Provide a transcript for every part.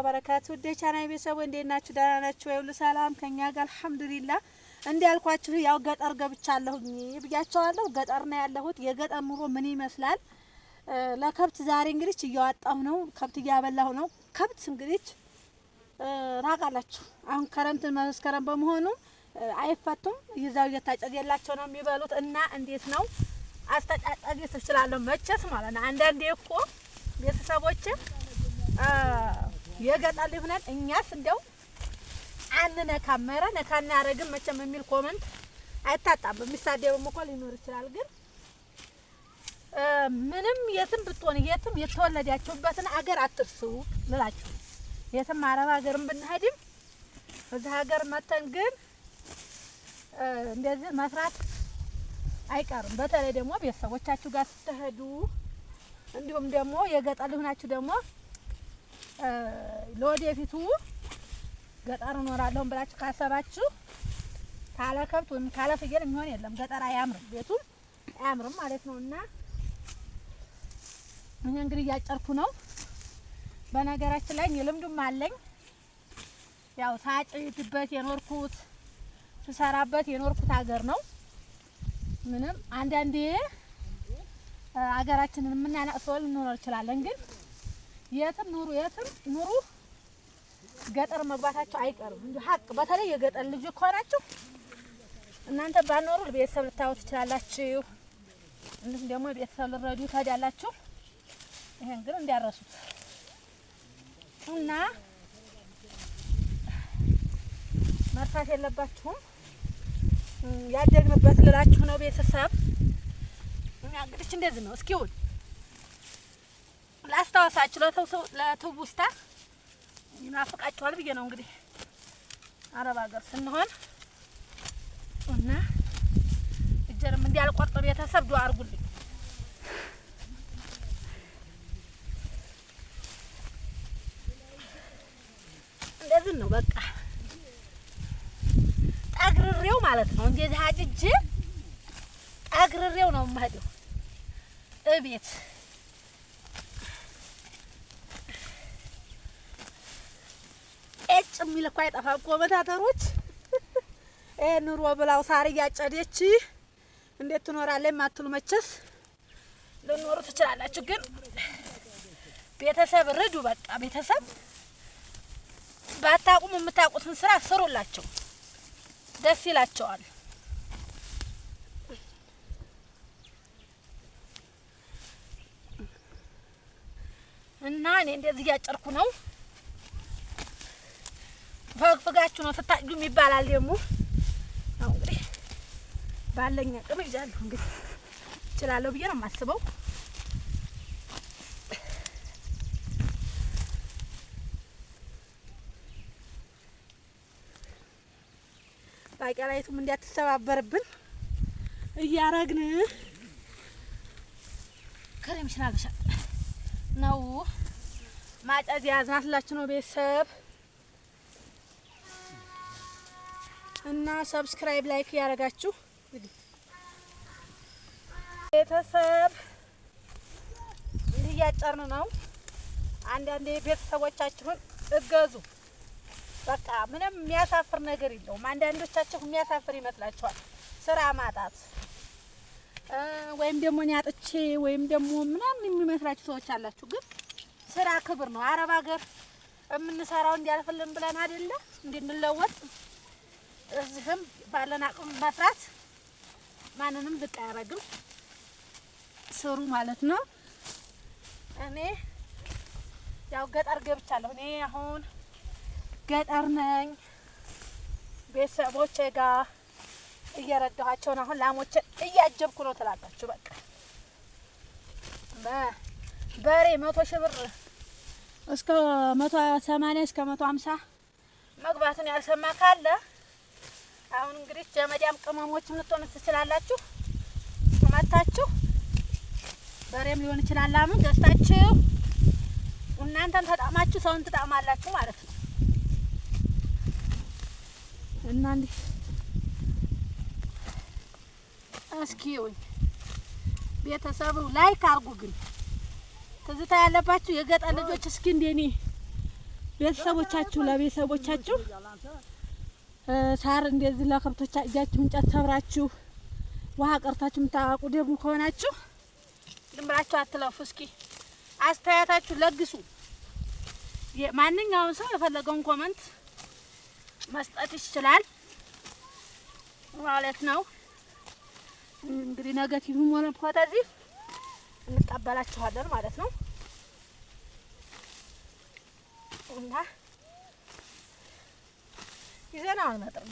አበረካቱ ወደ ቻናል ቤተሰቡ እንዴት ናችሁ? ደህና ናችሁ ወይ? ሁሉ ሰላም ከኛ ጋር አልሐምዱሊላ። እንዲ ያልኳችሁ ያው ገጠር ገብቻለሁኝ ብያቸዋለሁ። ገጠር ነው ያለሁት። የገጠር ኑሮ ምን ይመስላል? ለከብት ዛሬ እንግዲህ እያዋጣሁ ነው። ከብት እያበላሁ ነው። ከብት እንግዲህ ራቃላችሁ አሁን ክረምት መስከረም በመሆኑ አይፈቱም። ይዛው እየታጨገላቸው ነው የሚበሉት እና እንዴት ነው አስተጫጫጌ ትችላለሁ መቸት ማለት ነው። አንዳንዴ እኮ ቤተሰቦችም የገጠር ልጅ ነን እኛስ እንደው አንነካም። ኧረ ነካ እናያረግም መቼም የሚል ኮመንት አይታጣም። የሚሳደብም እኮ ሊኖር ይችላል። ግን ምንም የትም ብትሆን የትም የተወለዳችሁበትን አገር አትርሱ ልላችሁ የትም አረብ ሀገርም ብንሄድም እዚህ ሀገር መተን ግን እንደዚህ መስራት አይቀርም። በተለይ ደግሞ ቤተሰቦቻችሁ ጋር ስትሄዱ እንዲሁም ደግሞ የገጠር ልሆናችሁ ደግሞ ለወደፊቱ ገጠር እኖራለሁን ብላችሁ ካሰባችሁ ካለ ከብት ወይም ካለ ፍየል የሚሆን የለም። ገጠር አያምርም፣ ቤቱም አያምርም ማለት ነው። እና እኔ እንግዲህ እያጨርኩ ነው። በነገራችን ላይ ልምዱም አለኝ። ያው ሳጭድበት የኖርኩት ስሰራበት የኖርኩት ሀገር ነው። ምንም አንዳንዴ ሀገራችንን የምናናቅ ሰው ልንኖር እንችላለን ግን የትም ኑሩ የትም ኑሩ ገጠር መግባታቸው አይቀርም። እንዲሁ ሀቅ በተለይ የገጠር ልጅ ከሆናችሁ እናንተ ባኖሩ ቤተሰብ ልታወት ትችላላችሁ። እንዲሁም ደግሞ ቤተሰብ ልረዱ ታዲያላችሁ። ይሄን ግን እንዲያረሱት እና መርሳት የለባችሁም። ያደግንበት ልላችሁ ነው ቤተሰብ እንግዲህ እንደዚህ ነው እስኪውን ላስታወሳችሁ ለትውስታ ይናፍቃችኋል ብዬ ነው እንግዲህ አረብ ሀገር ስንሆን እና እጀርም እንዲያልቆርጥ ቤተሰብ ዱአ አድርጉልኝ። እንደዚህ ነው በቃ ጠግርሬው ማለት ነው። እንደዚህ አጭጄ ጠግርሬው ነው የምሄደው እቤት ቁጤጭ የሚል እኮ አይጠፋም። ኮመንታተሮች ይሄ ኑሮ ብላው ሳር እያጨደች እንዴት ትኖራለች የማትሉ መቸስ ልኖሩ ትችላላችሁ። ግን ቤተሰብ ርዱ። በቃ ቤተሰብ ባታቁም የምታውቁትን ስራ ስሩላቸው፣ ደስ ይላቸዋል። እና እኔ እንደዚህ እያጨርኩ ነው። ፈግፍጋችሁ ነው ስታጩም ይባላል። ደግሞ እንግዲህ ባለኝ አቅም ይዣለሁ። እንግዲህ እችላለሁ ብዬ ነው የማስበው። ባቄላይቱም እንዳትሰባበርብን እያረግን ከሬ ምሽናል ነው ማጨት ያዝናትላችሁ ነው ቤተሰብ እና ሰብስክራይብ ላይክ ያደረጋችሁ ቤተሰብ ይህ እያጨርን ነው። አንዳንዴ ቤተሰቦቻችሁን እገዙ። በቃ ምንም የሚያሳፍር ነገር የለውም። አንዳንዶቻችሁ የሚያሳፍር ይመስላችኋል ስራ ማጣት ወይም ደግሞ እኔ አጥቼ ወይም ደግሞ ምናምን የሚመስላችሁ ሰዎች አላችሁ። ግን ስራ ክብር ነው። አረብ ሀገር የምንሰራው እንዲያልፍልን ብለን አይደለም እንድንለወጥ እዚህም ባለን አቅም መስራት ማንንም ዝቅ አያደርግም። ስሩ ማለት ነው። እኔ ያው ገጠር ገብቻለሁ። እኔ አሁን ገጠር ነኝ። ቤተሰቦቼ ጋር እየረዳኋቸውን አሁን ላሞችን እያጀብኩ ነው ትላላችሁ። በቃ በሬ መቶ ሺህ ብር እስከ መቶ ሰማንያ እስከ መቶ ሀምሳ መግባትን ያልሰማ ካለ አሁን እንግዲህ ጀመዳም ቅመሞች ልትሆኑ ትችላላችሁ። መታችሁ በሬም ሊሆን ይችላል። አሁን ገዝታችሁ እናንተን ተጣማችሁ ሰውን ትጣማላችሁ ማለት ነው እና እንዲህ እስኪውኝ ላይክ አርጉ። ግን ትዝታ ያለባችሁ የገጠር ልጆች እስኪ እንደኔ ቤተሰቦቻችሁ ለቤተሰቦቻችሁ ሳር እንደዚህ ለከብቶች እጃችሁ እንጨት ሰብራችሁ ውሃ ቀርታችሁ የምታዋቁ ደግሞ ከሆናችሁ ዝም ብላችሁ አትለፉ። እስኪ አስተያየታችሁ ለግሱ። ማንኛውም ሰው የፈለገውን ኮመንት መስጠት ይችላል ማለት ነው። እንግዲህ ነገቲቭም ሆነ ፖዘቲቭ እንቀበላችኋለን ማለት ነው እና ይዘና አልመጣም።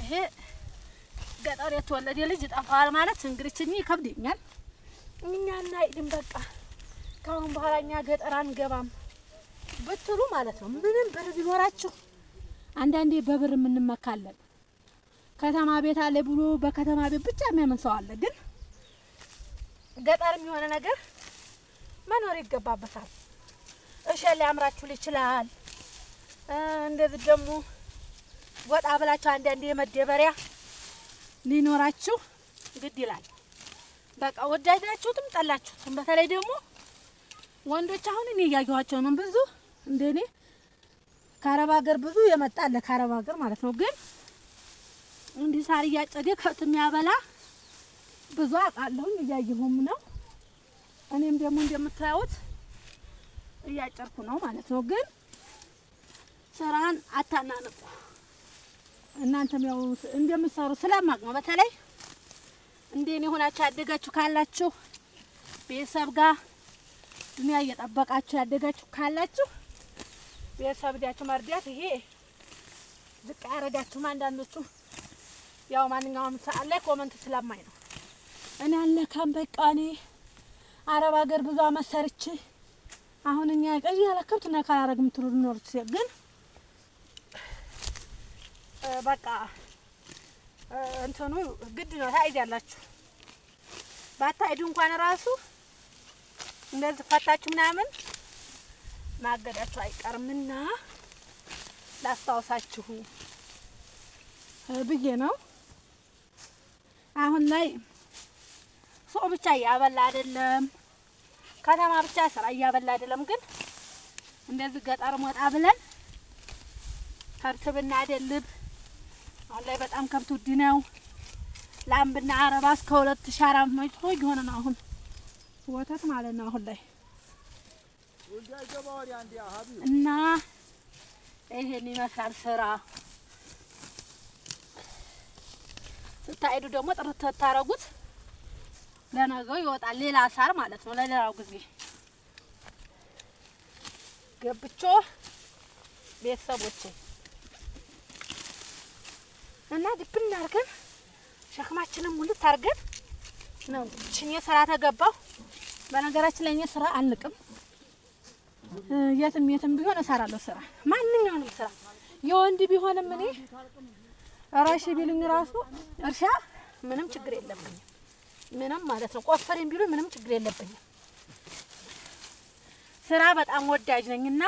ይሄ ገጠር የተወለደ ልጅ ጠፋል ማለት እንግዲህ እኔ ይከብደኛል። እኛ እናይድም በቃ ከአሁን በኋላ እኛ ገጠር አንገባም ብትሉ ማለት ነው። ምንም ብር ቢኖራችሁ አንዳንዴ በብር የምንመካለን። ከተማ ቤት አለ ብሎ በከተማ ቤት ብቻ የሚያምን ሰው አለ። ግን ገጠር የሚሆነ ነገር መኖር ይገባበታል። እሸ ሊያምራችሁ ይችላል። እንደዚህ ደግሞ ወጣ ብላችሁ አንዳንዴ የመደበሪያ ሊኖራችሁ ግድ ይላል። በቃ ወዳጃችሁትም ጠላችሁትም። በተለይ ደግሞ ወንዶች አሁን እኔ እያየኋቸው ነው። ብዙ እንደኔ ከአረብ ሀገር ብዙ የመጣለ ከአረብ ሀገር ማለት ነው። ግን እንዲህ ሳር እያጨደ ከብት የሚያበላ ብዙ አውቃለሁኝ፣ እያየሁም ነው። እኔም ደግሞ እንደምታዩት እያጨርኩ ነው ማለት ነው ግን ስራን አታናንቁ። እናንተም ያው እንደምትሰሩ ስለማቅ ነው። በተለይ እንደኔ የሆናችሁ ያደጋችሁ ካላችሁ ቤተሰብ ጋር ዱኒያ እየጠበቃችሁ ያደጋችሁ ካላችሁ ቤተሰብ ዲያችሁ መርዳት ይሄ ዝቅ ያረጋችሁም አንዳንዶቹ ያው ማንኛውም ሰዓት ላይ ኮመንት ስለማይ ነው። እኔ አለካም በቃ እኔ አረብ ሀገር ብዙ አመት ሰርቼ አሁን እኛ ቀይ ያለከብት ነካል አረግ ምትሉ ኖርት ግን በቃ እንትኑ ግድ ነው። ታይድ ያላችሁ ባታይዱ እንኳን ራሱ እንደዚህ ፈታችሁ ምናምን ማገዳችሁ አይቀርምና ላስታውሳችሁ ብዬ ነው። አሁን ላይ ሰው ብቻ እያበላ አይደለም፣ ከተማ ብቻ ስራ እያበላ አይደለም። ግን እንደዚህ ገጠር ወጣ ብለን ከብት ብናደልብ አሁን ላይ በጣም ከብት ውድ ነው። ላምብና አረባ እስከ ሁለት ሺህ አራት መቶ የሆነ ነው አሁን ወተት ማለት ነው። አሁን ላይ እና ይሄን ይመስላል ስራ ስታሄዱ ደግሞ ጥርት ታረጉት ለነገው ይወጣል። ሌላ ሳር ማለት ነው። ለሌላው ጊዜ ገብቾ ቤተሰቦቼ እና ድብን አድርገን ሸክማችንን ሙሉ አድርገን ነው ችኔ ስራ ተገባው በነገራችን ላይ እኔ ስራ አልቅም። የትም የትም ቢሆን እሰራለሁ ስራ፣ ማንኛውንም ስራ የወንድ ቢሆንም እኔ እረሽ ቢሉኝ ራሱ እርሻ ምንም ችግር የለብኝም። ምንም ማለት ነው ቆፈሬም ቢሉኝ ምንም ችግር የለብኝም። ስራ በጣም ወዳጅ ነኝና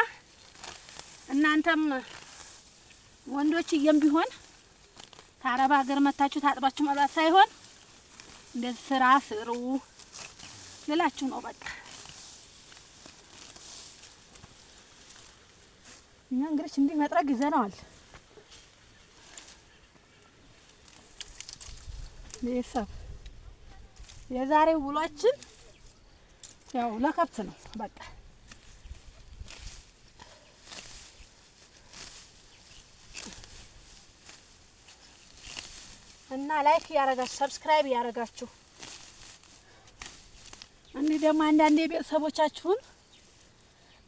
እናንተም ወንዶችዬም ቢሆን ታረባ ሀገር መታችሁ ታጥባችሁ መብላት ሳይሆን እንደ ስራ ስሩ ልላችሁ ነው። በቃ እኛ እንግዲህ እንዲህ መጥረግ ይዘነዋል። ቤተሰብ የዛሬው ውሏችን ያው ለከብት ነው በቃ እና ላይክ ያረጋችሁ ሰብስክራይብ እያረጋችሁ እንዲህ ደግሞ አንዳንዴ ቤተሰቦቻችሁን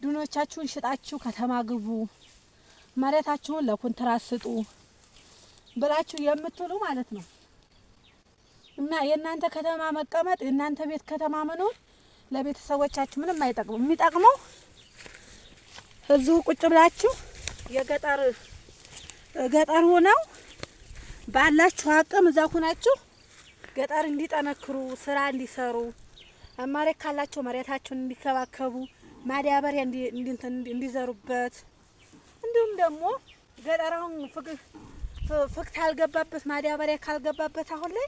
ድኖቻችሁን ሽጣችሁ ከተማ ግቡ፣ መሬታችሁን ለኮንትራት ስጡ ብላችሁ የምትሉ ማለት ነው እና የእናንተ ከተማ መቀመጥ የእናንተ ቤት ከተማ መኖር ለቤተሰቦቻችሁ ምንም አይጠቅሙ። የሚጠቅመው እዚሁ ቁጭ ብላችሁ የገጠር ገጠር ሆነው ባላችሁ አቅም እዛ ሁናችሁ ገጠር እንዲጠነክሩ ስራ እንዲሰሩ መሬት ካላቸው መሬታቸውን እንዲከባከቡ ማዳበሪያ እንዲዘሩበት እንዲሁም ደግሞ ገጠር አሁን ፍክት ያልገባበት ማዳበሪያ ካልገባበት አሁን ላይ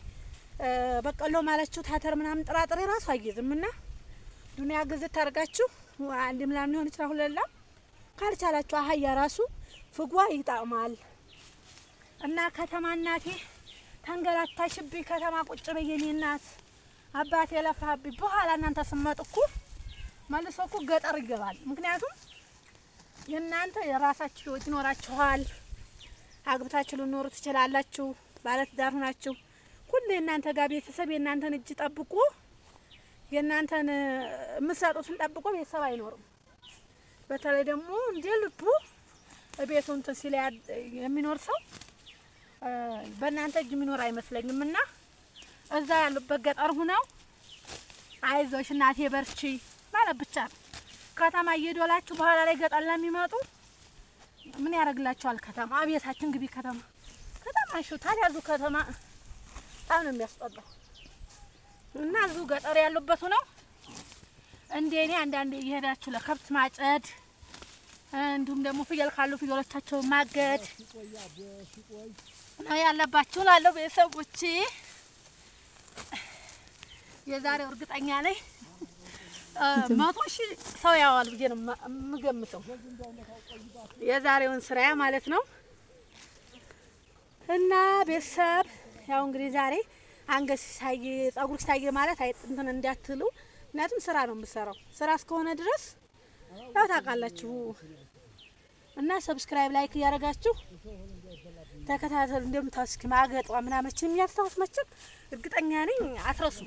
በቀሎ ማለችው ታተር ምናምን ጥራጥሬ ራሱ አይይዝም እና ዱኒያ ግዝት ታደርጋችሁ አንድ ምናምን ሊሆን ይችላል። ሁለላም ካልቻላችሁ አህያ ራሱ ፍጓ ይጠቅማል። እና ከተማ እናቴ ተንገላታሽብኝ። ከተማ ቁጭ ብዬ እኔ እናት አባቴ የለፋብኝ። በኋላ እናንተ ስመጥኩ እኮ መልሶ እኮ ገጠር ይገባል። ምክንያቱም የእናንተ የራሳችሁ ህይወት ይኖራችኋል። አግብታችሁ ልኖሩ ትችላላችሁ። ባለትዳር ናችሁ። ሁሉ የእናንተ ጋር ቤተሰብ የእናንተን እጅ ጠብቆ የእናንተን የምትሰጡትን ጠብቆ ቤተሰብ አይኖርም። በተለይ ደግሞ እንደ ልቡ ቤቱን ሲል የሚኖር ሰው በእናንተ እጅ የሚኖር አይመስለኝም ና እዛ ያሉበት ገጠር ሁነው አይዞሽ እናቴ በርቺ ማለት ብቻ ነው። ከተማ እየዶላችሁ በኋላ ላይ ገጠር ለሚመጡ ምን ያደርግላቸዋል? ከተማ አቤታችን ግቢ ከተማ ከተማ ሹ ታዲያ እዚሁ ከተማ በጣም ነው የሚያስጠላው። እና እዚሁ ገጠር ያሉበት ሁነው እንደ እኔ አንዳንዴ እየሄዳችሁ ለከብት ማጨድ እንዲሁም ደግሞ ፍየል ካሉ ፍየሎቻቸው ማገድ ነው ያለባችሁ። ላለው ቤተሰቦቼ የዛሬው እርግጠኛ ነኝ መቶ ሺህ ሰው ያዋል ብዬ ነው የምገምተው የዛሬውን ስራ ማለት ነው። እና ቤተሰብ ያው እንግዲህ ዛሬ አንገት ሲሳየ፣ ጸጉር ሲሳየ ማለት አይ እንትን እንዳትሉ፣ ምክንያቱም ስራ ነው የምሰራው። ስራ እስከሆነ ድረስ ያው ታውቃላችሁ እና ሰብስክራይብ ላይክ እያደረጋችሁ ተከታተሉ። እንደምታስክ ማገጧ ምናመችን የሚያስታውስ መችም እርግጠኛ ነኝ አትረሱ።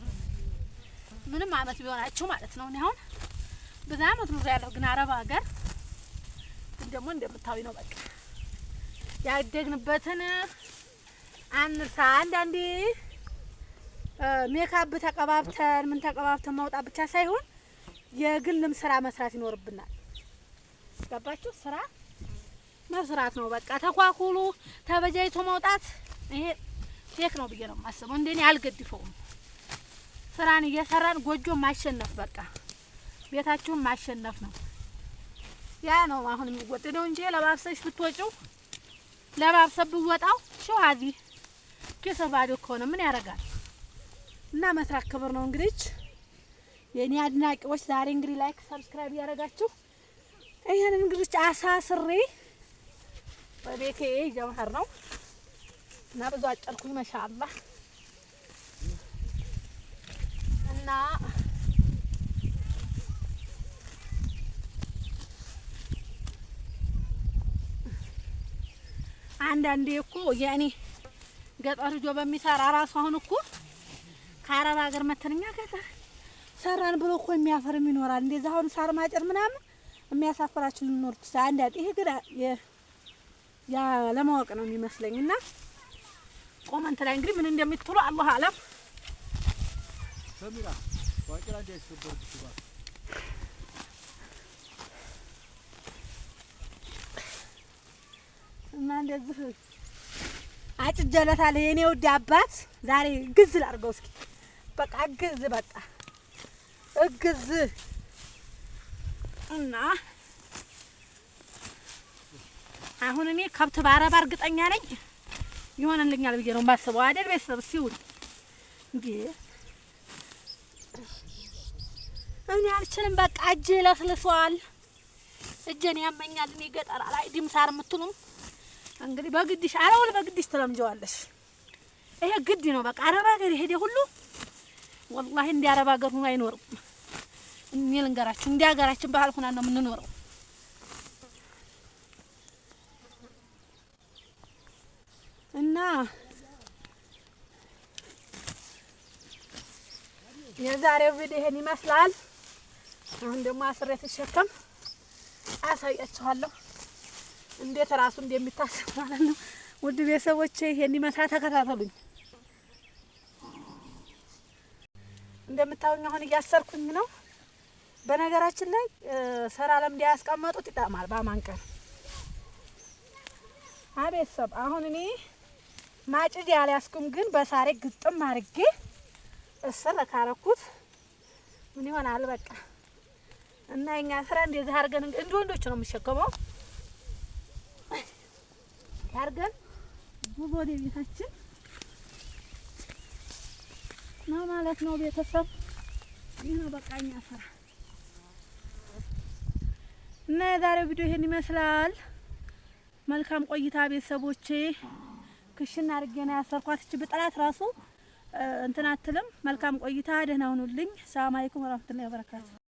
ምንም አመት ቢሆናችሁ ማለት ነው። እኔ አሁን ብዙ አመት ኑሮ ያለው ግን አረብ ሀገር ግን ደግሞ እንደምታዊ ነው። በቃ ያደግንበትን አንርሳ። አንዳንዴ ሜካፕ ተቀባብተን ምን ተቀባብተን ማውጣት ብቻ ሳይሆን የግልም ስራ መስራት ይኖርብናል። ገባችሁ? ስራ መስራት ነው በቃ። ተኳኩሉ ተበጃይቶ መውጣት ይሄ ፌክ ነው ብዬ ነው የማስበው። እንደኔ አልገድፈውም። ስራን እየሰራን ጎጆ ማሸነፍ በቃ ቤታችሁን ማሸነፍ ነው። ያ ነው አሁን የሚወደደው እንጂ ለባብሰሽ ብትወጪው ለባብሰብ ብወጣው ሸው አዚ ኪስ ባዶ ከሆነ ምን ያደርጋል? እና መስራት ክብር ነው እንግዲህ የኔ አድናቂዎች ዛሬ እንግዲህ ላይክ ሰብስክራይብ ያደረጋችሁ ይሄን እንግዲህ አሳ ስሬ በቤቴ ጀመር ነው እና ብዙ አጨርኩኝ። መሻላ እና አንዳንዴ እኮ የእኔ ገጠር ጆ በሚሰራ ራሱ አሁን እኮ ከአረብ ሀገር መተንኛ ገጠር ሰራን ብሎ እኮ የሚያፈርም ይኖራል። እንደዛ አሁን ሳር ማጨር ምናምን የሚያሳፍራችሁ ሊኖር ትችላል። ያጥ ይሄ ግን ለማወቅ ነው የሚመስለኝ እና ቆመንት ላይ እንግዲህ ምን እንደምትሉ አላህ አለም። እና እንደዚህ አጭጀለታለሁ የኔ ውድ አባት ዛሬ ግዝ ላድርገው እስኪ በቃ ግዝ በጣ እግዝ እና አሁን እኔ ከብት ባረባ እርግጠኛ ነኝ ይሆንልኛል ብዬ ነው የማስበው። አይደል ቤተሰብ ሲውል እንዴ እኔ አልችልም። በቃ እጅ ለስልሷል፣ እጄን ያመኛል። እኔ ገጠር ላይ ድምሳር የምትሉም እንግዲህ በግድሽ አለውል በግድሽ ትለምጀዋለሽ። ይሄ ግድ ነው። በቃ አረባ ሀገር የሄደ ሁሉ ወላሂ እንዲያረባ ሀገር ሆኖ አይኖርም። እኔ ልንገራችሁ እንደ ሀገራችን ባህል ሆና ነው የምንኖረው። እና የዛሬው ቪዲዮ ይሄን ይመስላል። አሁን ደግሞ አስሬ ትሸከም አሳያችኋለሁ እንዴት ራሱ እንደሚታሰብ ማለት ነው። ውድ ቤተሰቦቼ ይሄን ይመስላል። ተከታተሉኝ። እንደምታውኝ አሁን እያሰርኩኝ ነው። በነገራችን ላይ ስራ ለምድ ያስቀመጡት ይጠቅማል። በማንቀር አቤት ሰብ አሁን እኔ ማጭድ ያልያዝኩም፣ ግን በሳሬ ግጥም አድርጌ እስር ካረኩት ምን ይሆናል? በቃ እና የኛ ስራ እንደዚህ አድርገን እንደ ወንዶች ነው የምሸከመው ያርገን ጉዞ ወደ ቤታችን ነው ማለት ነው። ቤተሰብ ይህ ነው በቃ እኛ ስራ እና የዛሬው ቪዲዮ ይሄን ይመስላል። መልካም ቆይታ ቤተሰቦቼ። ክሽና አድርጌ ነው ያሰርኳት። እቺ በጠላት ራሱ እንትን አትልም። መልካም ቆይታ። ደህና ሁኑልኝ። ሰላም አለይኩም ወራህመቱላሂ ወበረካቱ